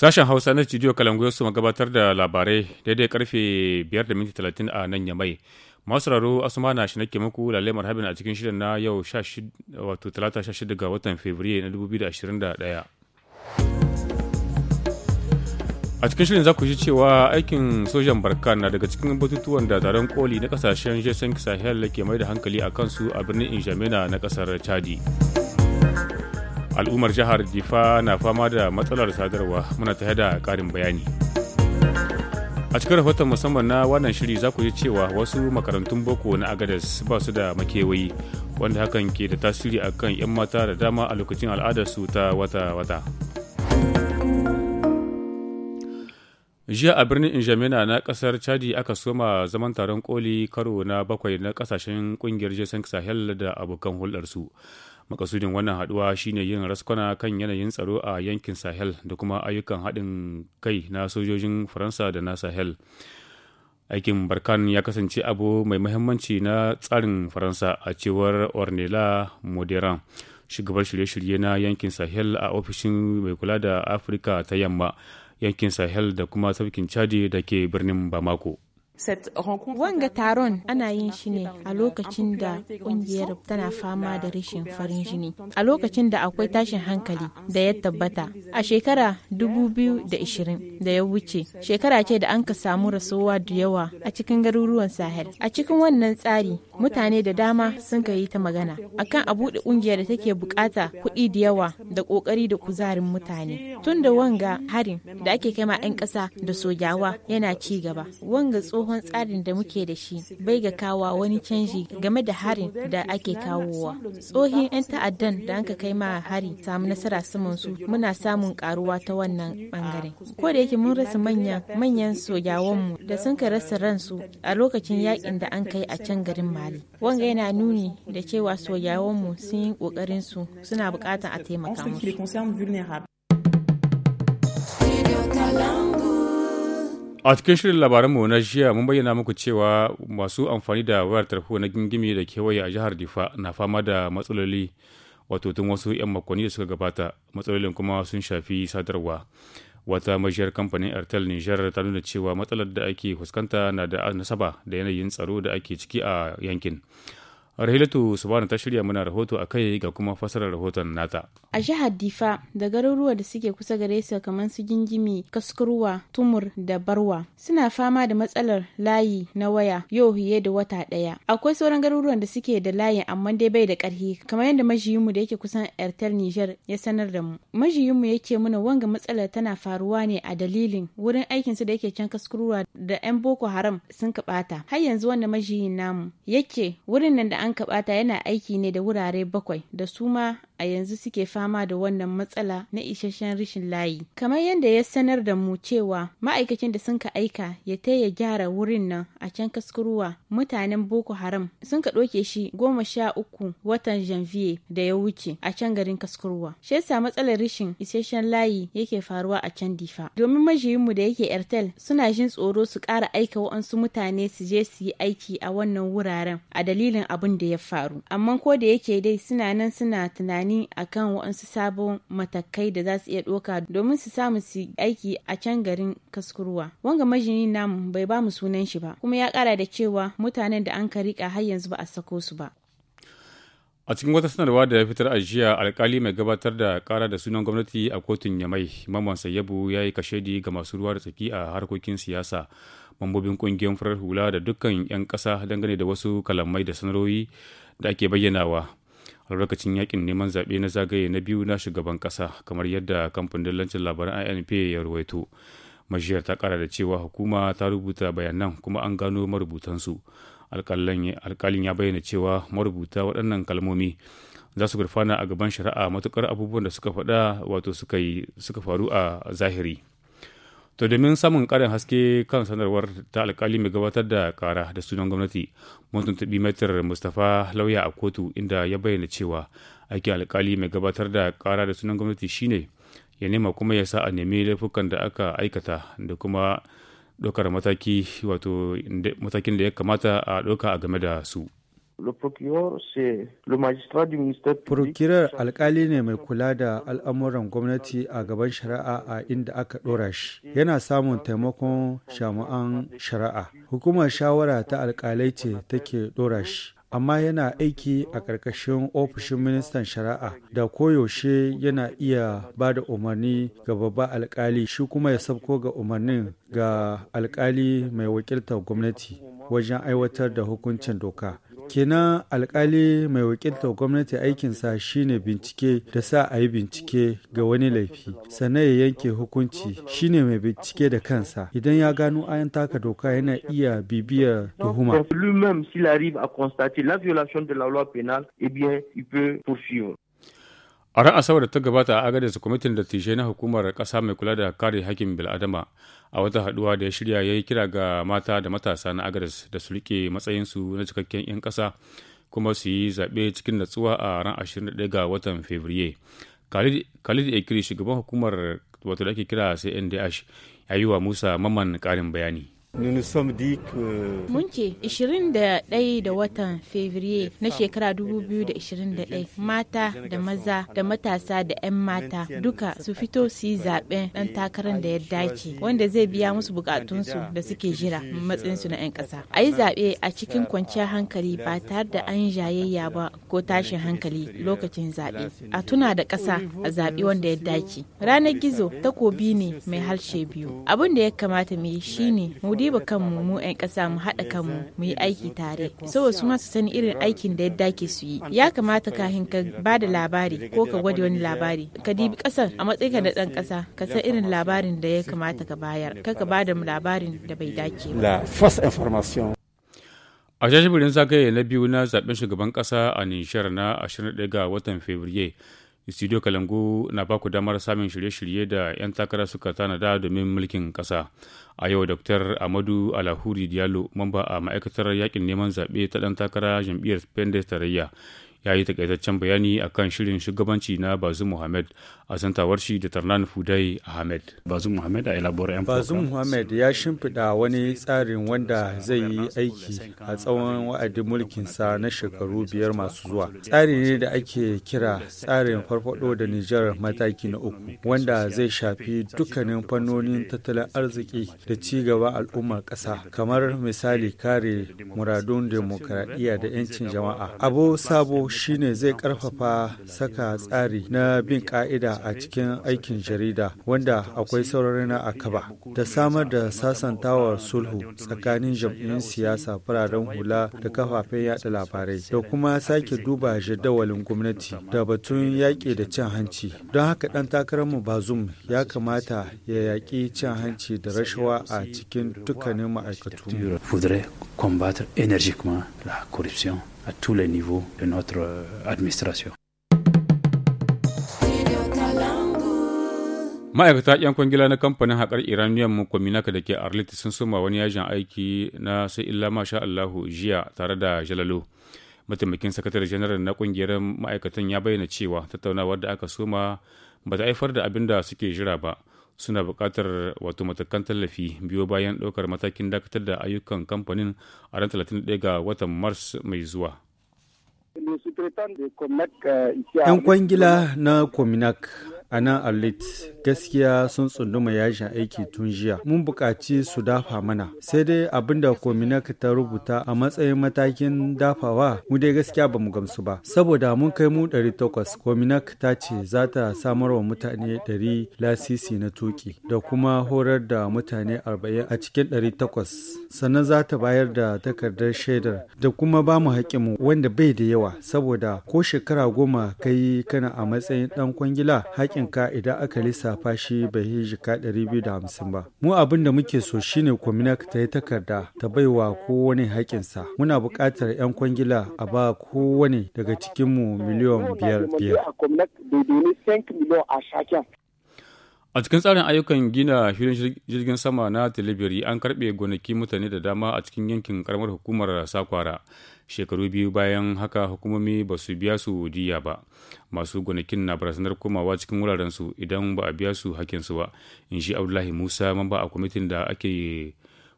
Sashen Hausa na Studio Kalangu su gabatar da labarai daidai karfe 5:30 a nan Yamai. Masu raro Asumana shi nake muku lalle marhabin a cikin shirin na yau wato 16 ga watan Fabrairu na 2021. A cikin shirin za ku ji cewa aikin sojan Barkan na daga cikin batutuwan da taron koli na kasashen Jason Sahel ke mai da hankali a kansu a birnin Injamena na kasar Chadi. al'ummar jihar difa na fama da matsalar sadarwa muna tare da karin bayani a cikin rahoton musamman na wannan shiri za ku ji cewa wasu makarantun boko na agadas ba su da makewayi wanda hakan ke da tasiri a kan 'yan mata da dama a lokacin al'adarsu ta wata-wata jiya a birnin injamina na kasar chadi aka soma zaman taron koli karo na bakwai na kasashen kungiyar jason sahel da abokan hulɗarsu makasudin wannan haduwa shine yin raskwana kan yanayin tsaro a yankin sahel da kuma ayyukan haɗin kai na sojojin faransa da na sahel aikin barkan ya kasance abu mai mahimmanci na tsarin faransa a cewar ornella moderan shugabar shirye-shirye na yankin sahel a ofishin mai kula da afirka ta yamma yankin sahel da kuma tafkin chadi da ke birnin bamako Wanga taron ana yin shi ne a lokacin da kungiyar tana fama da rashin farin jini, a lokacin da akwai tashin hankali da ya tabbata. A shekara 2020 da ya wuce, shekara ce da an ka samu rasuwa da yawa a cikin garuruwan Sahel. A cikin wannan tsari, mutane da dama sun ka yi ta magana akan a buɗe ƙungiyar da take bukata kuɗi da yawa da ƙoƙari da kuzarin mutane. tunda wanga harin da ake kai ma 'yan ƙasa da sojawa yana ci gaba. Wanga tsohon tsohon tsarin da muke da shi bai ga kawa wani canji game da harin da ake kawowa. Tsohin 'yan ta'addan da an ka kai ma hari samu nasara saman su muna samun karuwa ta wannan bangaren. Ko da yake mun rasa manyan manyan sojawanmu da sun ka rasa ransu a lokacin yakin da an kai a can garin Mali. Wanga yana nuni da cewa sojawanmu sun yi kokarin su suna bukatar a taimaka musu. a cikin shirin mu na jiya mun bayyana muku cewa masu amfani da wayar tarho na gingimi da kewaye a jihar difa na fama da matsaloli wato tun wasu 'yan makonni da suka gabata matsalolin kuma sun shafi sadarwa wata majiyar kamfanin airtel niger ta nuna cewa matsalar da ake fuskanta na da nasaba da yanayin tsaro da ake ciki a yankin Rahilatu Subhanu ta shirya muna rahoto a kai ga kuma fasarar rahoton nata. A jihar Difa da garuruwa da suke kusa gare su kamar su gingimi, kaskuruwa, tumur da barwa suna fama da matsalar layi na waya yau fiye da wata ɗaya. Akwai sauran garuruwan da suke da layi amma dai bai da ƙarfi kamar yadda majiyinmu da yake kusan Airtel Niger ya sanar da mu. Majiyinmu yake muna wanga matsalar tana faruwa ne a dalilin wurin aikinsu da yake can kaskuruwa da 'yan Boko Haram sun kaɓata. Har yanzu wannan majiyin namu yake wurin nan da an kaɓata yana aiki ne da wurare bakwai da su ma a yanzu suke fama da wannan matsala na isasshen rishin layi. Kamar yadda ya sanar da mu cewa ma'aikacin da sun ka aika ya ta ya gyara wurin nan a can kaskuruwa mutanen Boko Haram sun ka ɗauke shi goma sha uku watan Janvier da ya wuce a can garin kaskuruwa. Shi yasa matsalar rishin isasshen layi yake faruwa a can difa. Domin mu da yake Airtel suna jin tsoro su ƙara aika wa'ansu mutane su je su yi aiki a wannan wuraren a dalilin abin abin da ya faru amma ko da yake dai suna nan suna tunani akan waɗansu sabon matakai da za su iya doka domin su samu su aiki a can garin kaskurwa wanga majini namu bai ba mu sunan shi ba kuma ya ƙara da cewa mutanen da an ka riƙa har yanzu ba a sako su ba a cikin wata sanarwa da ya fitar a jiya alkali mai gabatar da kara da sunan gwamnati a kotun yamai mamman sayyabu ya yi kashedi ga masu ruwa da tsaki a harkokin siyasa mambobin ƙungiyar farar hula da dukkan 'yan ƙasa dangane da wasu kalamai da sanarori da ake bayyanawa lokacin yakin neman zaɓe na zagaye na biyu na shugaban ƙasa kamar yadda kamfanin lancin labaran inp ya ruwaito majiyar ta ƙara da cewa hukuma ta rubuta bayanan kuma an gano marubutansu alƙalin ya bayyana cewa marubuta waɗannan kalmomi za su gurfana a gaban shari'a matukar abubuwan da suka faɗa wato suka faru a zahiri To domin samun karin haske kan sanarwar ta alkali mai gabatar da kara da sunan gwamnati, mun tuntubi metar Mustapha lauya a kotu inda ya bayyana cewa aikin alkali mai gabatar da kara da sunan gwamnati shine ya nema kuma ya sa a nemi laifukan da aka aikata da kuma ɗaukar mataki wato matakin da ya kamata a ɗauka a game da su. Prokirar alkali ne mai kula da al'amuran gwamnati a gaban shari'a a inda aka ɗora shi. Yana samun taimakon shamu'an shari'a. Hukumar shawara ta alkalai ce take ɗora shi. amma yana aiki a ƙarƙashin ofishin ministan shari'a da koyaushe yana iya ba da umarni ga babba alkali shi kuma ya sabko ga umarnin ga alkali mai wakiltar gwamnati wajen aiwatar da hukuncin doka kenan alkali mai wakiltar gwamnati aikinsa shine bincike da sa a yi bincike ga wani laifi sannan ya yanke hukunci shine mai bincike da kansa idan ya gano an taka doka yana iya bibiyar tuhuma. lui-même s'il arrive à constater la violation de la loi pénale, eh bien, il A ran Asabar da ta gabata a Agadez kwamitin dattijai na hukumar kasa mai kula da kare hakkin bil'adama a wata haɗuwa da ya shirya ya yi kira ga mata da matasa na Agadez da su rike matsayinsu na cikakken 'yan kasa kuma su yi zaɓe cikin natsuwa a ran 21 ga watan Fabriye. Khalid Ekiri shugaban hukumar wato da ake kira CNDH ya yi wa Musa Maman ƙarin bayani. Munke 21 da watan Fevrier na shekara 2021 mata da maza da matasa da 'yan mata duka su fito su yi zaben dan takarar da ya dace wanda zai biya musu bukatunsu da suke jira matsayinsu na 'yan ƙasa. A yi zaɓe a cikin kwanciyar hankali ba tare da an jayayya ba ko tashin hankali lokacin zaɓe. A tuna da ƙasa a zaɓe wanda ya dace. Ranar gizo takobi ne mai harshe biyu. Abin da ya kamata mu yi shine mu diba kanmu mu 'yan kasa mu haɗa kanmu mu yi aiki tare so wasu ma su sani irin aikin da yadda ke su yi ya kamata kafin ka ba da labari ko ka gwada wani labari ka dibi ƙasar a matsayinka da ɗan ƙasa ka san irin labarin da ya kamata ka bayar ka ka ba da labarin da bai dace ba. a shashibirin zagaye na biyu na zaben shugaban kasa a nishar na 21 ga watan fabriye studio kalangu na baku damar samun shirye-shirye da 'yan takara suka tanada domin mulkin ƙasa a yau dr amadu alahuri diallo mamba a ma'aikatar yakin neman zaɓe ta ɗan takara jam'iyyar pendes tarayya ya yi takaitaccen bayani a kan shirin shugabanci na bazum muhammad a santawar shi da tarnan fudai ahmed bazum muhammad a elabora yan bazum muhammad ya shimfiɗa wani tsarin wanda zai yi aiki a tsawon wa'adin mulkinsa na shekaru biyar masu zuwa tsari ne da ake kira tsarin farfado da nijar mataki na uku wanda zai shafi dukkanin fannonin tattalin arziki da ci gaba al'ummar ƙasa kamar misali kare muradun demokradiyya da 'yancin jama'a abu sabo shine zai karfafa saka tsari na bin ka'ida a cikin aikin jarida wanda akwai saurari na akaba da samar da sasantawa sulhu tsakanin jam'iyyun siyasa fararen hula da kafafen yada labarai da kuma sake duba jadawalin gwamnati da batun yaƙi da cin hanci don haka ɗan takararmu bazum ya kamata ya yaƙi cin hanci da rashawa a cikin dukkanin ma'aikatu. à tous les niveaux de notre euh, administration. ma'aikata 'yan kwangila na kamfanin haƙar iranian ka da ke arlit sun soma wani yajin aiki na sai illa masha allahu jiya tare da jalalo mataimakin sakatare janar na kungiyar ma'aikatan ya bayyana cewa tattaunawar da aka soma ba ta haifar da abin da suke jira ba suna buƙatar wato matakan tallafi biyo bayan ɗaukar matakin dakatar da ayyukan kamfanin a ran 31 ga watan mars mai zuwa Euh, 'Yan kwangila na kominak. a nan alit gaskiya sun tsunduma yashin aiki tun jiya. Mun buƙaci su dafa mana. Sai dai abin da Kominak ta rubuta a matsayin matakin dafawa mu dai gaskiya ba mu gamsu ba. Saboda mun kai mu 800 Kominak ta ce za ta samar wa mutane 100 lasisi na tuki da kuma horar da mutane 40 a cikin 800 sannan za ta bayar da takardar shaidar da kuma ba mu mu wanda bai da yawa saboda ko shekara goma kai kana a matsayin ɗan kwangila haƙƙin ka idan aka lissafa shi bai yi jika hamsin ba. Mu abin da muke so shine Kwaminak ta yi takarda ta baiwa kowane haƙinsa. Muna buƙatar 'yan kwangila a ba kowane daga cikinmu miliyan biyar biyar. A cikin tsarin ayyukan gina shirin jirgin sama na Tilibiri an karɓe gonaki mutane da dama a cikin yankin karamar hukumar Sakwara. Shekaru biyu bayan haka hukumomi ba su biya su diya ba. Masu gonakin na barazanar komawa cikin wuraren su idan ba a biya su hakin su ba. In shi Abdullahi Musa mamba a kwamitin da ake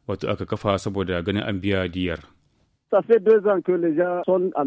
wato aka kafa saboda ganin an biya diyar.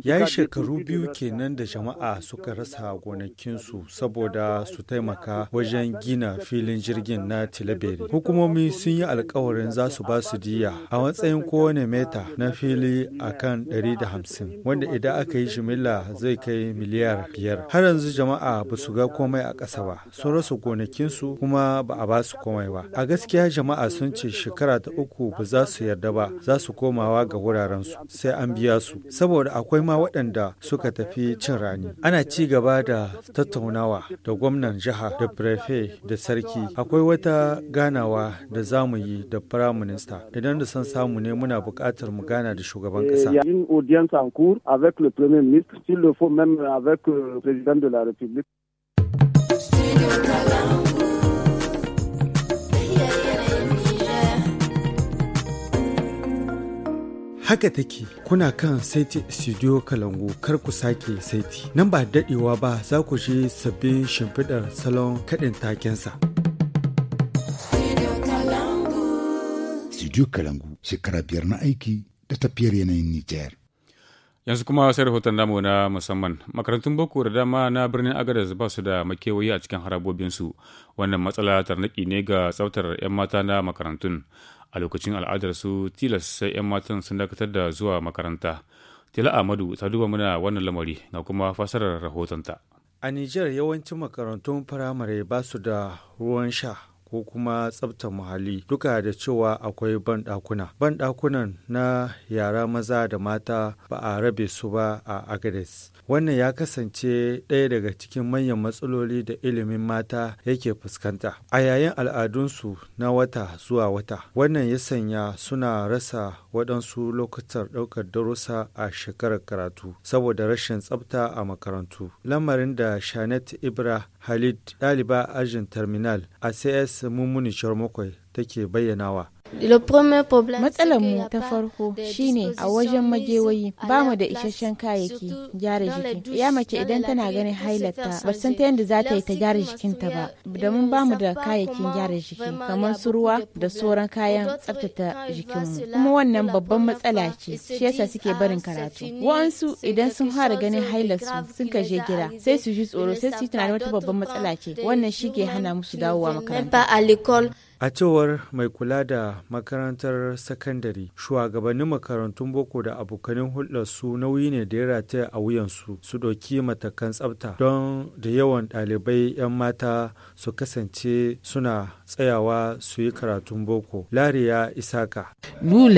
Ya yi shekaru biyu kenan da jama'a suka rasa gonakinsu saboda su taimaka wajen gina filin jirgin na Tilaberi. Hukumomi sun yi alkawarin za su ba su diya a matsayin kowane meta na fili a kan 150 wanda idan aka yi jimilla zai kai miliyar biyar. Har yanzu jama'a ba su ga komai a ƙasa ba, sun rasa gonakinsu kuma ba a ba su komai ba. A gaskiya jama'a sun ce shekara ta uku ba za su yarda ba, za su komawa ga wurarensu. sai an biya su saboda akwai ma waɗanda suka tafi cin rani ana ci gaba da tattaunawa da gwamnan jiha da prefe da sarki akwai wata ganawa da za mu yi da prime minister idan da san samu ne muna buƙatar mu gana da shugaban ƙasa eh, S'il le haka take kuna kan saiti studio kalangu kar ku sake saiti nan ba dadewa ba za ku je sabbin shimfiɗar salon kaɗin takensa. studio kalangu shekara biyar na aiki da tafiyar yanayin nijar yanzu kuma sai rahoton damu na musamman makarantun boko da dama na birnin agadez ba su da makewayi a cikin harabobinsu wannan matsala tarnaki ne ga tsaftar 'yan mata na makarantun a lokacin al'adarsu tilas sai 'yan matan sun dakatar da zuwa makaranta tila amadu ta duba mana wannan lamari ga kuma fasarar rahotonta a nijar yawancin makarantun firamare ba su da ruwan sha ko kuma tsabtar muhalli duka da cewa akwai banɗakuna. Banɗakunan na yara maza da mata ba a rabe su ba a Agades. Wannan ya kasance ɗaya daga cikin manyan matsaloli da ilimin mata yake fuskanta. A yayin al'adunsu na wata zuwa wata, wannan ya sanya suna rasa waɗansu lokutan ɗaukar darussa a shekarar karatu saboda rashin tsabta a makarantu. Lamarin da Shanet Ibra Halid ɗaliba ajin terminal a CS sai mummuni makwai take bayyanawa Matsalar mu ta farko shine a wajen majewayi ba mu da isasshen kayayyaki gyara jiki. Ya mace idan tana ganin hailarta ba san ta yadda za ta yi ta gyara jikinta ba. Da mun ba mu da kayayyakin gyara jiki kamar su ruwa da sauran kayan tsaftace jikinmu. Kuma wannan babban matsala ce shi yasa suke barin karatu. Wa'ansu idan sun fara ganin hailarsu sun kaje gida sai su ji tsoro sai su yi tunanin wata babban matsala ce wannan shi ke hana musu dawowa makaranta. A cewar mai kula da makarantar sakandare, shugabannin makarantun boko da abokanin su nauyi ne da ya rataya a wuyansu su ɗauki matakan tsafta don da yawan ɗalibai 'yan mata su kasance suna tsayawa su yi karatun boko lariya isaka mu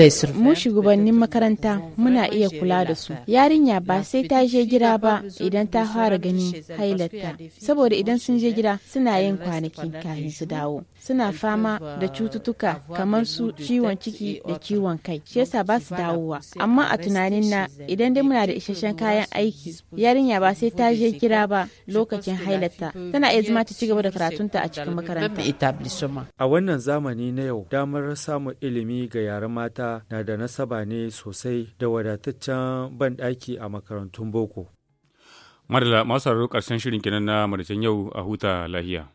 shugabannin makaranta muna iya kula da su yarinya ba sai ta je gida ba idan ta fara gani hailatta saboda idan sun je gida suna yin kwanaki kafin su dawo suna fama da cututtuka kamar su ciwon ciki da ciwon kai shi yasa ba su dawowa amma a tunanin na idan dai muna da isasshen kayan aiki yarinya ba sai ta je gida ba lokacin hailatta tana iya zama ta ci gaba da karatunta a cikin makaranta musamman. A wannan zamani na yau damar samun ilimi ga yara mata na da nasaba ne sosai da wadataccen banɗaki a makarantun boko. Madala masu sauraro ƙarshen shirin kenan na madacin yau a huta lahiya.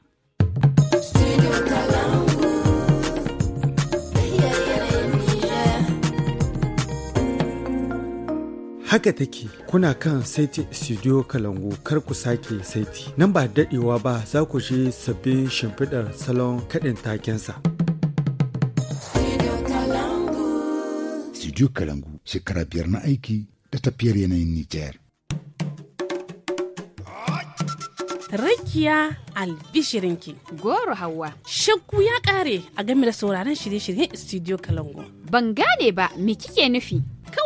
haka take kuna kan saiti studio kalangu kar ku sake saiti nan ba dadewa ba za ku je sabbin shimfiɗar salon kaɗin takensa. Studio Kalangu shekara biyar na aiki da tafiyar yanayin Nijar. Rakiya albishirinki goro hawa shakku ya kare a game da sauraron shirye-shiryen studio kalangu ban gane ba me kike nufi